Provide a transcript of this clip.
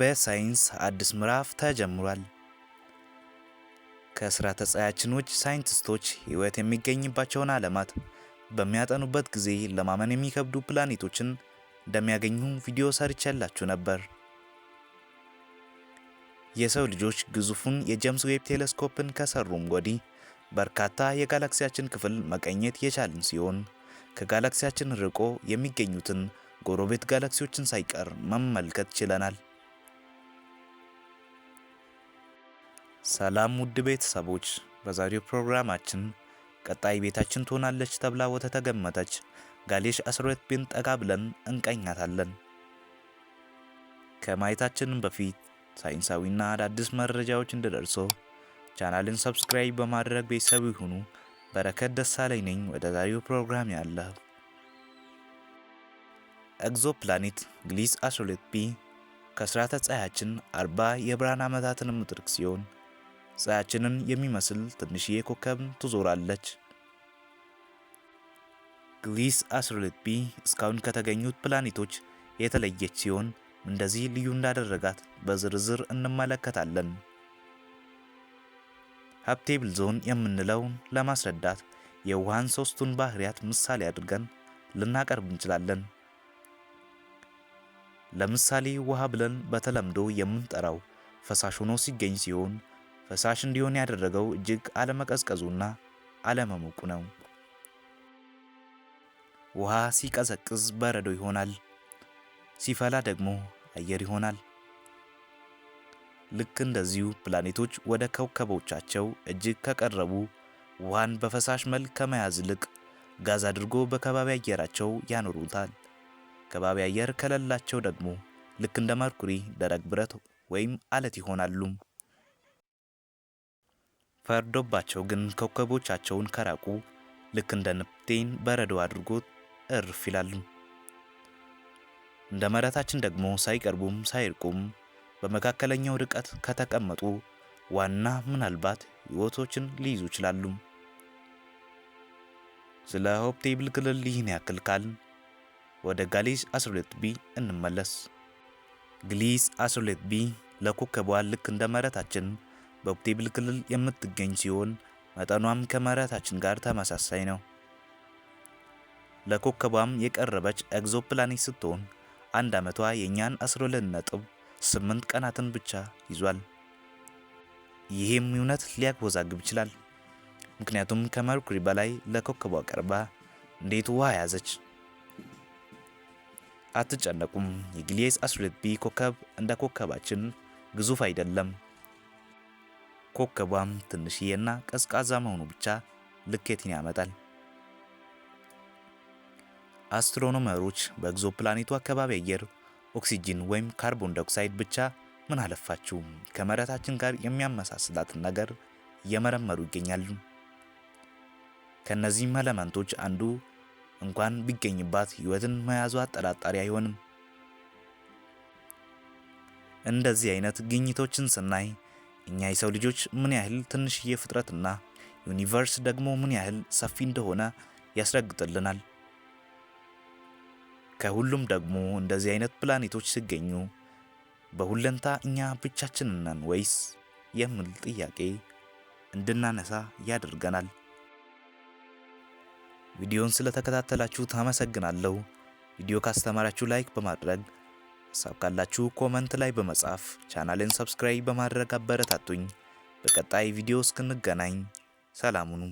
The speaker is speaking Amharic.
በሳይንስ አዲስ ምዕራፍ ተጀምሯል። ከስርዓተ ውጭ ሳይንቲስቶች ሕይወት የሚገኝባቸውን ዓለማት በሚያጠኑበት ጊዜ ለማመን የሚከብዱ ፕላኔቶችን እንደሚያገኙ ቪዲዮ ሰርቼላችሁ ነበር። የሰው ልጆች ግዙፉን የጀምስ ዌብ ቴሌስኮፕን ከሰሩም ወዲህ በርካታ የጋላክሲያችን ክፍል መቀኘት የቻልን ሲሆን ከጋላክሲያችን ርቆ የሚገኙትን ጎረቤት ጋላክሲዎችን ሳይቀር መመልከት ችለናል። ሰላም ውድ ቤተሰቦች፣ በዛሬው ፕሮግራማችን ቀጣይ ቤታችን ትሆናለች ተብላ ተገመተች ጋሌሽ አስራት ቤት ጠጋ ብለን እንቀኛታለን። ከማየታችን በፊት ሳይንሳዊና አዳዲስ መረጃዎች እንድደርሶ ቻናልን ሰብስክራይብ በማድረግ ቤተሰብ ይሁኑ። በረከት ደሳለኝ ነኝ። ወደ ዛሬው ፕሮግራም ያለ ፕላኔት ግሊስ አስራት ቢ ከስርዓተ ፀሐያችን 40 የብርሃን ዓመታትን የምትርቅ ሲሆን ፀሐያችንን የሚመስል ትንሽዬ ኮከብ ትዞራለች። ግሊስ 12 ቢ እስካሁን ከተገኙት ፕላኔቶች የተለየች ሲሆን እንደዚህ ልዩ እንዳደረጋት በዝርዝር እንመለከታለን። ሀብቴብል ዞን የምንለው ለማስረዳት የውሃን ሶስቱን ባህሪያት ምሳሌ አድርገን ልናቀርብ እንችላለን። ለምሳሌ ውሃ ብለን በተለምዶ የምንጠራው ፈሳሽ ሆኖ ሲገኝ ሲሆን ፈሳሽ እንዲሆን ያደረገው እጅግ አለመቀዝቀዙና አለመሞቁ ነው። ውሃ ሲቀዘቅዝ በረዶ ይሆናል፣ ሲፈላ ደግሞ አየር ይሆናል። ልክ እንደዚሁ ፕላኔቶች ወደ ከውከቦቻቸው እጅግ ከቀረቡ ውሃን በፈሳሽ መልክ ከመያዝ ይልቅ ጋዝ አድርጎ በከባቢ አየራቸው ያኖሩታል። ከባቢ አየር ከሌላቸው ደግሞ ልክ እንደ መርኩሪ ደረቅ ብረት ወይም አለት ይሆናሉ። ፈርዶባቸው ግን ኮከቦቻቸውን ከራቁ ልክ እንደ ንፍቴን በረዶ አድርጎት እርፍ ይላሉ። እንደ መሬታችን ደግሞ ሳይቀርቡም ሳይርቁም በመካከለኛው ርቀት ከተቀመጡ ዋና ምናልባት ሕይወቶችን ሊይዙ ይችላሉ። ስለ ሆፕቴብል ክልል ይህን ያክል ካልን ወደ ጋሊስ 12 ቢ እንመለስ። ግሊስ 12 ቢ ለኮከቧ ልክ እንደ መሬታችን በኦፕቴብል ክልል የምትገኝ ሲሆን መጠኗም ከመሬታችን ጋር ተመሳሳይ ነው። ለኮከቧም የቀረበች ኤግዞፕላኔት ስትሆን አንድ ዓመቷ የእኛን 12 ነጥብ 8 ቀናትን ብቻ ይዟል። ይህም እውነት ሊያወዛግብ ይችላል። ምክንያቱም ከመርኩሪ በላይ ለኮከቧ ቀርባ እንዴት ውሃ ያዘች? አትጨነቁም። የግሌዝ 12 ቢ ኮከብ እንደ ኮከባችን ግዙፍ አይደለም። ኮከቧም ትንሽዬና ቀዝቃዛ መሆኑ ብቻ ልኬትን ያመጣል። አስትሮኖመሮች በግዞ ፕላኔቱ አካባቢ አየር ኦክሲጂን ወይም ካርቦን ዳይኦክሳይድ ብቻ ምን አለፋችሁ ከመሬታችን ጋር የሚያመሳስላትን ነገር እየመረመሩ ይገኛሉ። ከእነዚህም ኤለመንቶች አንዱ እንኳን ቢገኝባት ሕይወትን መያዙ አጠራጣሪ አይሆንም። እንደዚህ አይነት ግኝቶችን ስናይ እኛ የሰው ልጆች ምን ያህል ትንሽዬ ፍጥረትና ዩኒቨርስ ደግሞ ምን ያህል ሰፊ እንደሆነ ያስረግጥልናል። ከሁሉም ደግሞ እንደዚህ አይነት ፕላኔቶች ሲገኙ በሁለንታ እኛ ብቻችንን ነን ወይስ የሚል ጥያቄ እንድናነሳ ያደርገናል። ቪዲዮን ስለተከታተላችሁ አመሰግናለሁ። ቪዲዮ ካስተማራችሁ ላይክ በማድረግ ሀሳብ ካላችሁ ኮመንት ላይ በመጻፍ ቻናልን ሰብስክራይብ በማድረግ አበረታቱኝ። በቀጣይ ቪዲዮ እስክንገናኝ ሰላሙኑ።